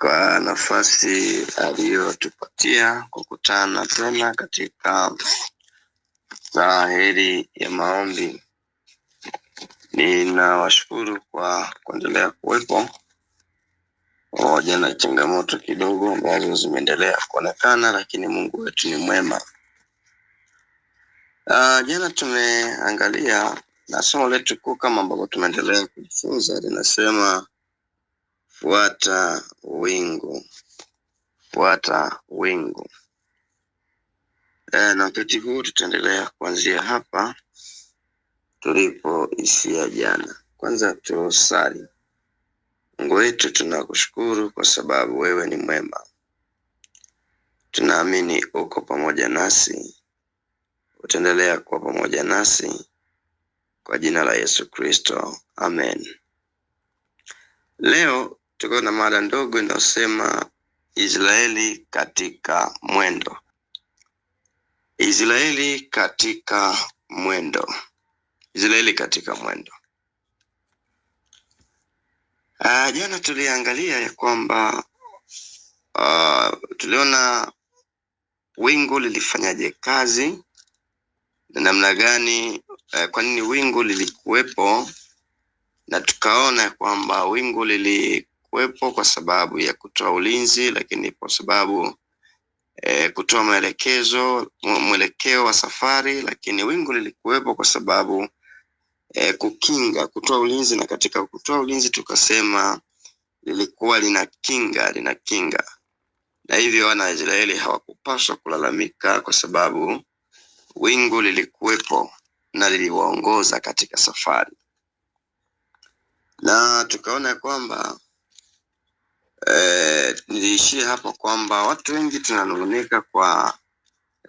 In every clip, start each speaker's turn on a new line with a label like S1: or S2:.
S1: kwa nafasi aliyotupatia kukutana tena katika saa ya maombi. Ninawashukuru kwa kuendelea kuwepo pamoja na changamoto kidogo ambazo zimeendelea kuonekana, lakini Mungu wetu ni mwema. Uh, jana tumeangalia na somo letu kuu kama ambavyo tumeendelea kujifunza linasema Fuata wingu, fuata wingu. E, na wakati huu tutaendelea kuanzia hapa tulipoishia jana. Kwanza tusali. Mungu wetu, tunakushukuru kwa sababu wewe ni mwema, tunaamini uko pamoja nasi, utaendelea kuwa pamoja nasi kwa jina la Yesu Kristo, amen. Leo tuko na mada ndogo inayosema Israeli katika mwendo. Israeli katika mwendo. Israeli katika mwendo. Uh, jana tuliangalia ya kwamba uh, tuliona wingu lilifanyaje kazi na namna gani, uh, kwa nini wingu lilikuwepo, na tukaona kwamba wingu lili kuwepo kwa sababu ya kutoa ulinzi, lakini kwa sababu e, kutoa maelekezo mwelekeo wa safari, lakini wingu lilikuwepo kwa sababu e, kukinga, kutoa ulinzi, na katika kutoa ulinzi tukasema lilikuwa lina kinga, lina kinga, na hivyo wana wa Israeli hawakupaswa kulalamika kwa sababu wingu lilikuwepo na liliwaongoza katika safari, na tukaona kwamba eh, niliishia hapo kwamba watu wengi tunanungunika kwa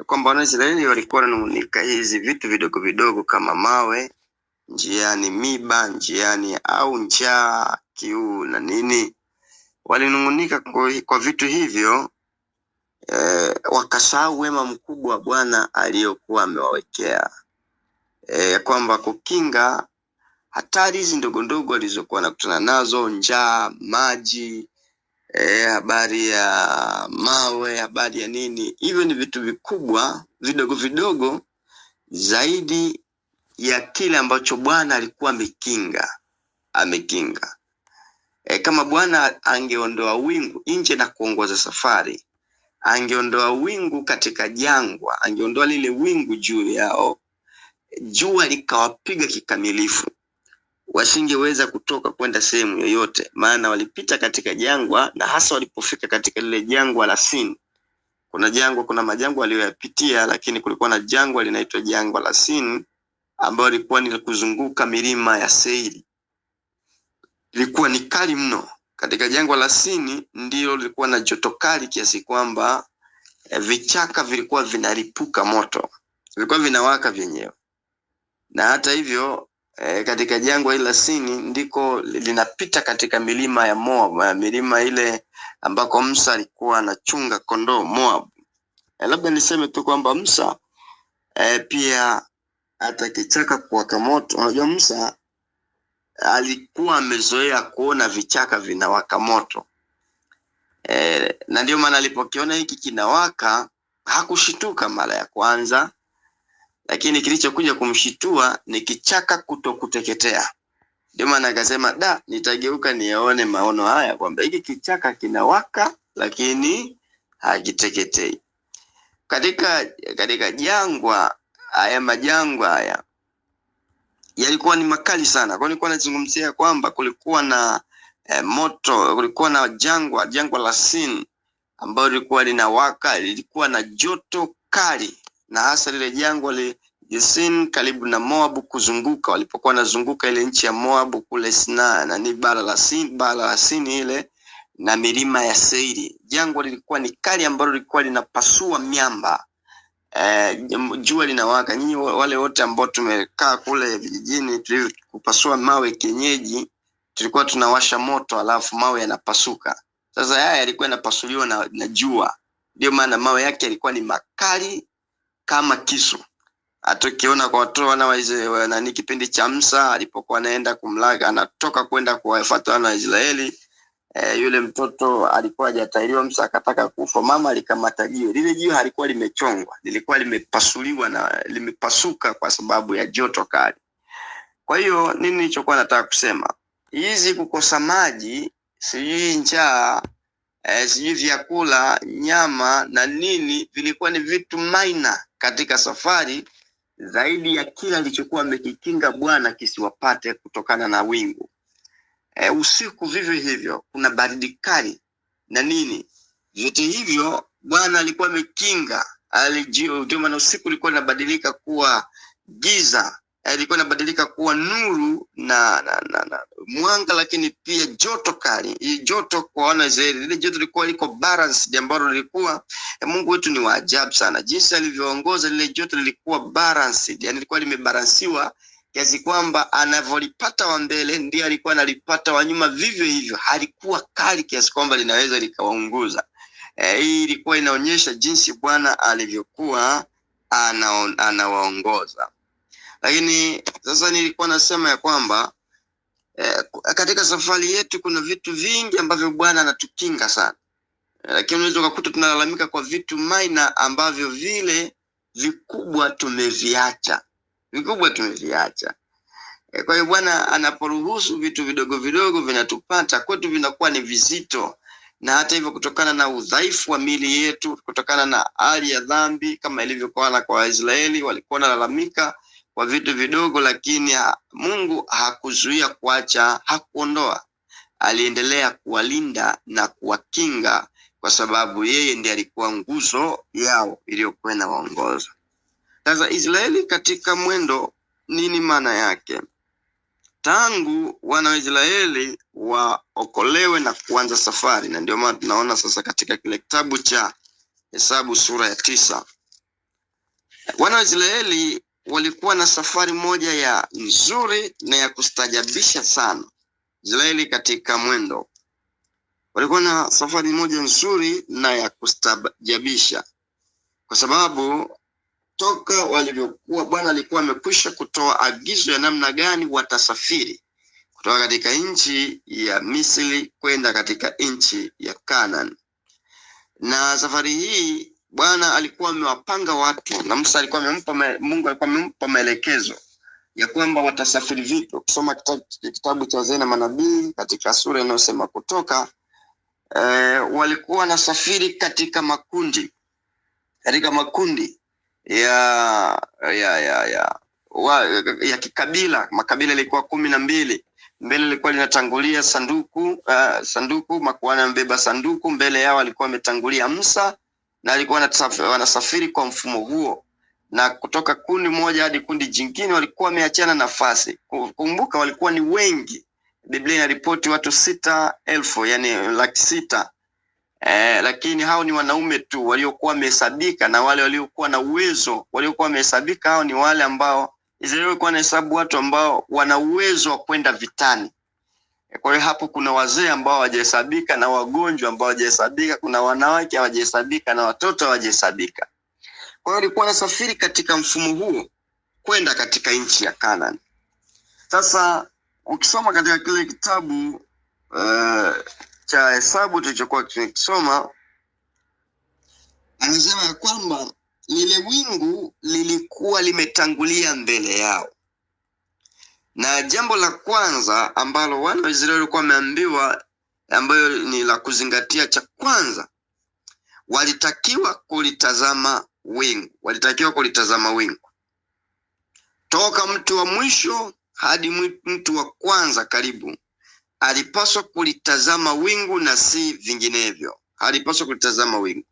S1: kwamba Wanaisraeli walikuwa wananungunika hizi vitu vidogo vidogo kama mawe njiani, miba njiani, au njaa, kiu na nini. Walinungunika kwa, kwa vitu hivyo eh, wakasahau wema mkubwa Bwana aliyokuwa amewawekea eh, kwamba kukinga hatari hizi ndogo ndogo walizokuwa nakutana nazo, njaa, maji e, habari ya mawe, habari ya nini. Hivyo ni vitu vikubwa vidogo vidogo zaidi ya kile ambacho Bwana alikuwa amekinga amekinga. E, kama Bwana angeondoa wingu nje na kuongoza safari, angeondoa wingu katika jangwa, angeondoa lile wingu juu yao, jua likawapiga kikamilifu wasingeweza kutoka kwenda sehemu yoyote, maana walipita katika jangwa, na hasa walipofika katika lile jangwa la Sin. Kuna jangwa, kuna majangwa aliyoyapitia, lakini kulikuwa na jangwa linaitwa jangwa la Sin ambayo ilikuwa ni kuzunguka milima ya Seiri. Ilikuwa ni kali mno. Katika jangwa la Sini ndilo lilikuwa na joto kali kiasi kwamba eh, vichaka vilikuwa vinaripuka moto, vilikuwa vinawaka vyenyewe. Na hata hivyo eh, katika jangwa hili la Sini ndiko linapita katika milima ya Moab, eh, milima ile ambako Musa alikuwa anachunga kondoo Moab. Eh, labda niseme tu kwamba Musa eh, pia hata kichaka kuwaka moto. Unajua Musa alikuwa amezoea kuona vichaka vinawaka moto eh, na ndio maana alipokiona hiki kinawaka hakushituka mara ya kwanza lakini kilichokuja kumshitua ni kichaka kutokuteketea. Ndio maana akasema, da, nitageuka niyaone maono haya kwamba hiki kichaka kinawaka lakini hakiteketei. Katika katika jangwa haya majangwa haya yalikuwa ni makali sana, kwa nilikuwa nazungumzia kwamba kulikuwa na eh, moto, kulikuwa na jangwa, jangwa la Sin ambayo lilikuwa linawaka, lilikuwa na joto kali, na hasa lile jangwa li, Yesin karibu na Moab kuzunguka walipokuwa wanazunguka ile nchi ya Moab kule Sina na ni bara la Sin, bara la Sin ile na milima ya Seiri. Jangwa lilikuwa ni kali ambalo lilikuwa linapasua miamba. e, jua linawaka. Nyinyi wale wote ambao tumekaa kule vijijini tulikupasua mawe kienyeji, tulikuwa tunawasha moto alafu mawe yanapasuka. Sasa haya yalikuwa yanapasuliwa na, na jua. Ndio maana mawe yake yalikuwa ni makali kama kisu hatukiona kwa watoto wana eh, wa nani kipindi cha Musa alipokuwa anaenda kumlaga anatoka kwenda kuwafuatana na Israeli. E, yule mtoto alikuwa hajatahiriwa, Musa akataka kufa, mama alikamata jiwe. Lile jiwe halikuwa limechongwa, lilikuwa limepasuliwa na limepasuka kwa sababu ya joto kali. Kwa hiyo nini nilichokuwa nataka kusema, hizi kukosa maji, sijui njaa e, sijui vyakula, nyama na nini, vilikuwa ni vitu minor katika safari zaidi ya kila alichokuwa amekikinga Bwana kisiwapate kutokana na wingu. E, usiku vivyo hivyo kuna baridi kali na nini, vyote hivyo Bwana alikuwa amekinga, ndio maana usiku ulikuwa unabadilika kuwa giza ilikuwa inabadilika kuwa nuru na, na, na, na mwanga, lakini pia joto kali. Hii joto kwa wana Israeli, lile joto lilikuwa liko balanced, ambalo lilikuwa eh, Mungu wetu ni wa ajabu sana jinsi alivyoongoza. Lile joto lilikuwa balanced, yani lilikuwa limebalansiwa kiasi kwamba anavyolipata wa mbele ndiye alikuwa analipata wa nyuma vivyo hivyo, halikuwa kali kiasi kwamba linaweza likawaunguza. E, hii ilikuwa inaonyesha jinsi Bwana alivyokuwa anawaongoza. ana lakini sasa nilikuwa nasema ya kwamba eh, katika safari yetu kuna vitu vingi ambavyo Bwana anatukinga sana eh, lakini unaweza ukakuta tunalalamika kwa vitu minor ambavyo vile vikubwa tumeviacha, vikubwa tumeviacha. Eh, kwa hiyo Bwana anaporuhusu vitu vidogo vidogo vinatupata kwetu vinakuwa ni vizito na hata hivyo, kutokana na udhaifu wa mili yetu, kutokana na hali ya dhambi, kama ilivyokuwa na kwa Waisraeli, walikuwa wanalalamika kwa vitu vidogo, lakini Mungu hakuzuia kuacha, hakuondoa. Aliendelea kuwalinda na kuwakinga, kwa sababu yeye ndiye alikuwa nguzo yao iliyokuwa inawaongoza. Sasa Israeli katika mwendo, nini maana yake? Tangu wana wa Israeli waokolewe na kuanza safari, na ndio maana tunaona sasa katika kile kitabu cha Hesabu sura ya tisa wana wa Israeli walikuwa na safari moja ya nzuri na ya kustajabisha sana. Israeli katika mwendo walikuwa na safari moja nzuri na ya kustajabisha, kwa sababu toka walivyokuwa Bwana alikuwa amekwisha kutoa agizo ya namna gani watasafiri kutoka katika nchi ya Misri kwenda katika nchi ya Kanaan, na safari hii Bwana alikuwa amewapanga watu na Musa alikuwa amempa Mungu alikuwa amempa maelekezo ya kwamba watasafiri vipi. Kusoma kitabu, kitabu cha wazee na manabii katika sura inayosema Kutoka, e, walikuwa wanasafiri katika makundi katika makundi ya ya ya ya, wa, ya kikabila. Makabila ilikuwa kumi na mbili mbele ilikuwa linatangulia sanduku uh, sanduku makuhani amebeba sanduku mbele yao alikuwa ametangulia Musa na walikuwa wanasafiri kwa mfumo huo, na kutoka kundi moja hadi kundi jingine walikuwa wameachana nafasi. Kumbuka walikuwa ni wengi, Biblia inaripoti watu sita elfu yani laki sita eh, lakini hao ni wanaume tu waliokuwa wamehesabika, na wale waliokuwa na uwezo waliokuwa wamehesabika, hao ni wale ambao Israeli walikuwa na hesabu watu ambao wana uwezo wa kwenda vitani kwa hiyo hapo kuna wazee ambao hawajahesabika na wagonjwa ambao hawajahesabika, kuna wanawake hawajahesabika na watoto hawajahesabika. Kwa hiyo alikuwa anasafiri katika mfumo huo kwenda katika nchi ya Canaan. Sasa ukisoma katika kile kitabu uh, cha Hesabu tulichokuwa tunakisoma, anasema ya kwamba lile wingu lilikuwa limetangulia mbele yao na jambo la kwanza ambalo wana wa Israeli walikuwa wameambiwa, ambayo ni la kuzingatia, cha kwanza walitakiwa kulitazama wingu, walitakiwa kulitazama wingu toka mtu wa mwisho hadi mtu wa kwanza karibu alipaswa kulitazama wingu na si vinginevyo. Alipaswa kulitazama wingu.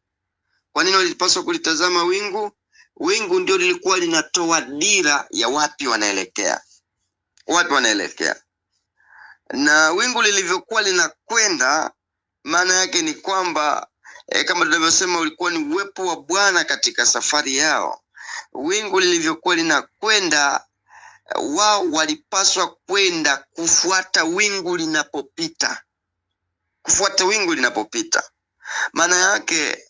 S1: Kwa nini walipaswa kulitazama wingu? Wingu ndio lilikuwa linatoa dira ya wapi wanaelekea watu wanaelekea. Na wingu lilivyokuwa linakwenda, maana yake ni kwamba e, kama tunavyosema, ulikuwa ni uwepo wa Bwana katika safari yao. Wingu lilivyokuwa linakwenda, wao walipaswa kwenda kufuata wingu linapopita, kufuata wingu linapopita. Maana yake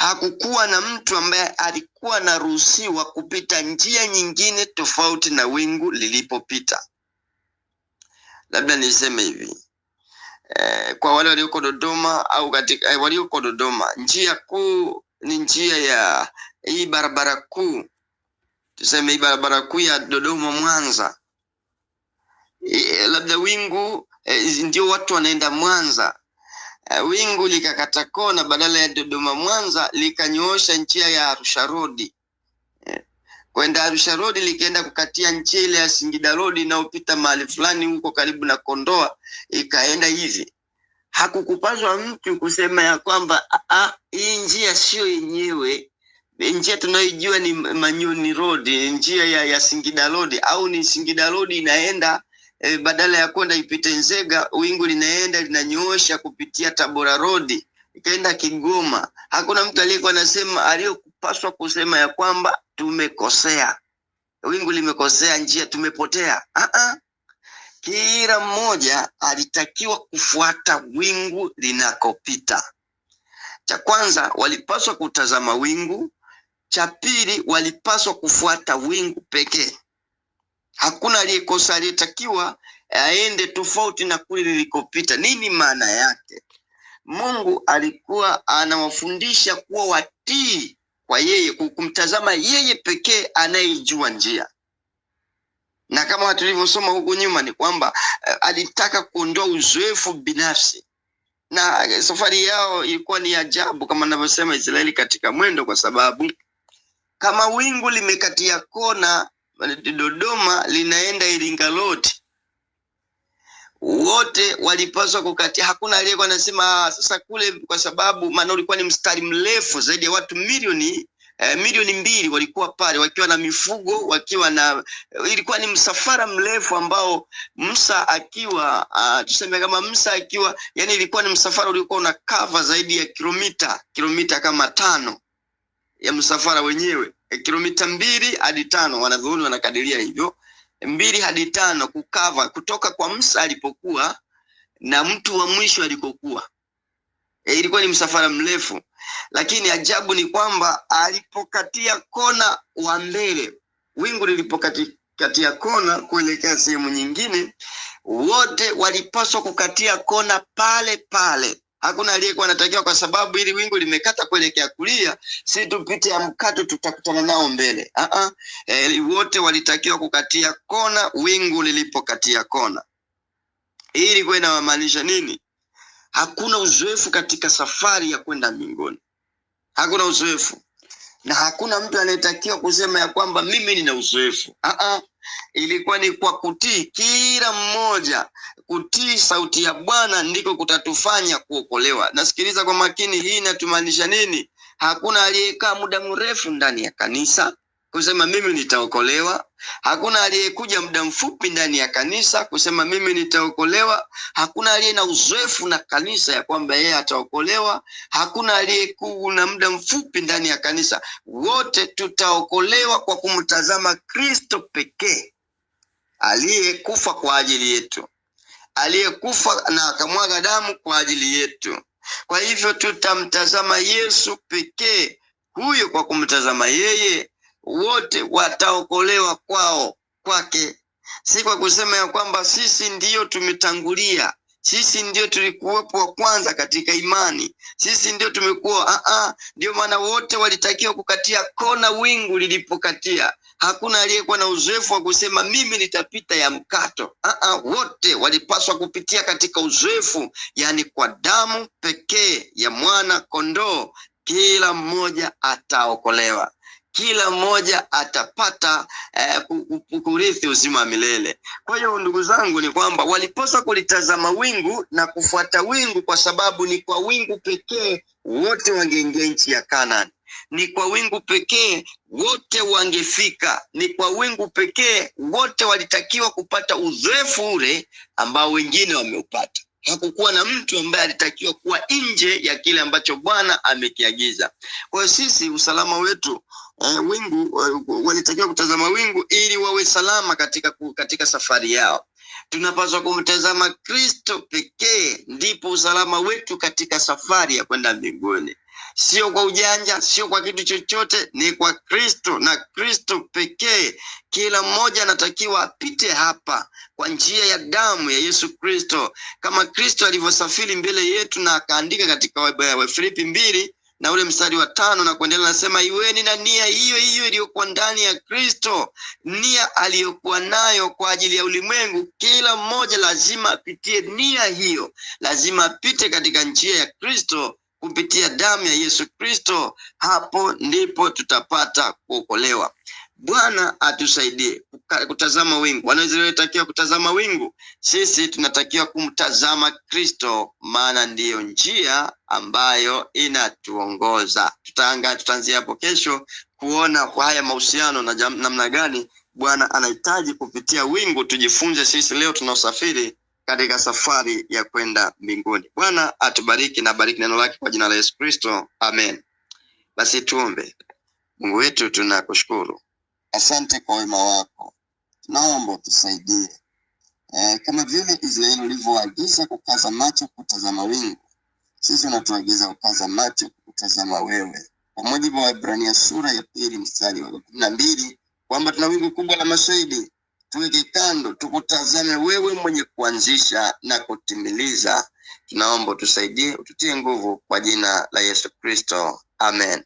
S1: hakukuwa na mtu ambaye alikuwa anaruhusiwa kupita njia nyingine tofauti na wingu lilipopita. Labda niseme hivi e, kwa wale walioko Dodoma au katika e, walioko Dodoma, njia kuu ni njia ya hii barabara kuu, tuseme hii barabara kuu ya Dodoma Mwanza. E, labda wingu e, ndio watu wanaenda Mwanza Eh, wingu likakata kona, badala ya Dodoma Mwanza likanyoosha njia ya Arusha Road eh, kwenda Arusha Road likaenda kukatia njia ile ya Singida Road inayopita mahali fulani huko karibu na Kondoa, ikaenda hivi. Hakukupazwa mtu kusema ya kwamba ah, ah, hii njia sio yenyewe, njia tunayoijua ni Manyoni Road, njia ya, ya Singida Road au ni Singida Road inaenda e, badala ya kwenda ipite Nzega, wingu linaenda linanyoosha kupitia Tabora Road ikaenda Kigoma. Hakuna mtu aliyekuwa anasema aliyopaswa kusema ya kwamba tumekosea, wingu limekosea njia, tumepotea. Ah ah, kila mmoja alitakiwa kufuata wingu linakopita. Cha kwanza walipaswa kutazama wingu, cha pili walipaswa kufuata wingu pekee. Hakuna aliyekosa aliyetakiwa aende tofauti na kule lilikopita. Nini maana yake? Mungu alikuwa anawafundisha kuwa watii kwa yeye, kumtazama yeye pekee anayejua njia na kama tulivyosoma huku nyuma ni kwamba eh, alitaka kuondoa uzoefu binafsi, na eh, safari yao ilikuwa ni ajabu, kama anavyosema Israeli katika mwendo, kwa sababu kama wingu limekatia kona Dodoma linaenda Iringa lote, wote walipaswa kukatia. Hakuna aliyekuwa anasema ah, sasa kule, kwa sababu maana ulikuwa ni mstari mrefu zaidi ya watu milioni eh, milioni mbili walikuwa pale wakiwa na mifugo wakiwa na, eh, ilikuwa ni msafara mrefu ambao Musa akiwa uh, tuseme kama Musa akiwa yani, ilikuwa ni msafara uliokuwa una cover zaidi ya kilomita kilomita kama tano ya msafara wenyewe e, kilomita mbili hadi tano wanadhuni wanakadiria hivyo, mbili hadi tano kukava kutoka kwa Musa alipokuwa na mtu wa mwisho alikokuwa. E, ilikuwa ni msafara mrefu, lakini ajabu ni kwamba alipokatia kona wa mbele, wingu lilipokatia kona kuelekea sehemu nyingine, wote walipaswa kukatia kona pale pale hakuna aliyekuwa anatakiwa, kwa sababu ili wingu limekata kuelekea kulia, si tupite mkato, tutakutana nao mbele. uh -uh. E, wote walitakiwa kukatia kona wingu lilipokatia kona. Hii ilikuwa inamaanisha nini? Hakuna uzoefu katika safari ya kwenda mbinguni, hakuna uzoefu na hakuna mtu anayetakiwa kusema ya kwamba mimi nina uzoefu uh -uh ilikuwa ni kwa kutii kila mmoja. Kutii sauti ya Bwana ndiko kutatufanya kuokolewa. Nasikiliza kwa makini, hii inatumaanisha nini? Hakuna aliyekaa muda mrefu ndani ya kanisa, kusema mimi nitaokolewa. Hakuna aliyekuja muda mfupi ndani ya kanisa kusema mimi nitaokolewa. Hakuna aliye na uzoefu na kanisa ya kwamba yeye ataokolewa. Hakuna aliyekuwa na muda mfupi ndani ya kanisa. Wote tutaokolewa kwa kumtazama Kristo pekee, aliyekufa kwa ajili yetu, aliyekufa na akamwaga damu kwa ajili yetu. Kwa hivyo tutamtazama Yesu pekee huyo, kwa kumtazama yeye wote wataokolewa kwao kwake, si kwa kusema ya kwamba sisi ndiyo tumetangulia, sisi ndiyo tulikuwepo wa kwanza katika imani, sisi ndiyo tumekuwa a. Ndiyo maana wote walitakiwa kukatia kona wingu lilipokatia. Hakuna aliyekuwa na uzoefu wa kusema mimi nitapita ya mkato. Aa, wote walipaswa kupitia katika uzoefu, yaani kwa damu pekee ya mwana kondoo kila mmoja ataokolewa kila mmoja atapata eh, kurithi uzima wa milele. Kwa hiyo ndugu zangu, ni kwamba walipaswa kulitazama wingu na kufuata wingu, kwa sababu ni kwa wingu pekee wote wangeingia nchi ya Kanaani ni kwa wingu pekee wote wangefika, ni kwa wingu pekee wote walitakiwa kupata uzoefu ule ambao wengine wameupata. Hakukuwa na mtu ambaye alitakiwa kuwa nje ya kile ambacho Bwana amekiagiza. Kwa hiyo sisi, usalama wetu uh, wingu uh, walitakiwa kutazama wingu ili wawe salama katika, katika safari yao. Tunapaswa kumtazama Kristo pekee, ndipo usalama wetu katika safari ya kwenda mbinguni. Sio kwa ujanja, sio kwa kitu chochote, ni kwa Kristo na Kristo pekee. Kila mmoja anatakiwa apite hapa kwa njia ya damu ya Yesu Kristo, kama Kristo alivyosafiri mbele yetu na akaandika katika Wafilipi mbili na ule mstari wa tano na kuendelea, nasema iweni na nia hiyo hiyo iliyokuwa ndani ya Kristo, nia aliyokuwa nayo kwa ajili ya ulimwengu. Kila mmoja lazima apitie nia hiyo, lazima apite katika njia ya Kristo kupitia damu ya Yesu Kristo. Hapo ndipo tutapata kuokolewa. Bwana atusaidie kutazama wingu. Wanaisraeli walitakiwa kutazama wingu, sisi tunatakiwa kumtazama Kristo, maana ndiyo njia ambayo inatuongoza. Tutaanga, tutaanzia hapo kesho kuona kwa haya mahusiano na namna gani Bwana anahitaji kupitia wingu tujifunze sisi leo tunaosafiri katika safari ya kwenda mbinguni. Bwana atubariki na bariki neno lake kwa jina la Yesu Kristo, amen. Basi tuombe. Mungu wetu, tunakushukuru Asante kwa wema wako, naomba utusaidie e, kama vile Israeli ulivyoagiza kukaza macho kutazama wingu, sisi unatuagiza kukaza macho kutazama wewe, kwa mujibu wa Ibrania sura ya pili mstari wa kumi na mbili kwamba tuna wingu kubwa la mashahidi, tuweke kando tukutazame wewe mwenye kuanzisha na kutimiliza. Tunaomba utusaidie, ututie nguvu, kwa jina la Yesu Kristo, amen.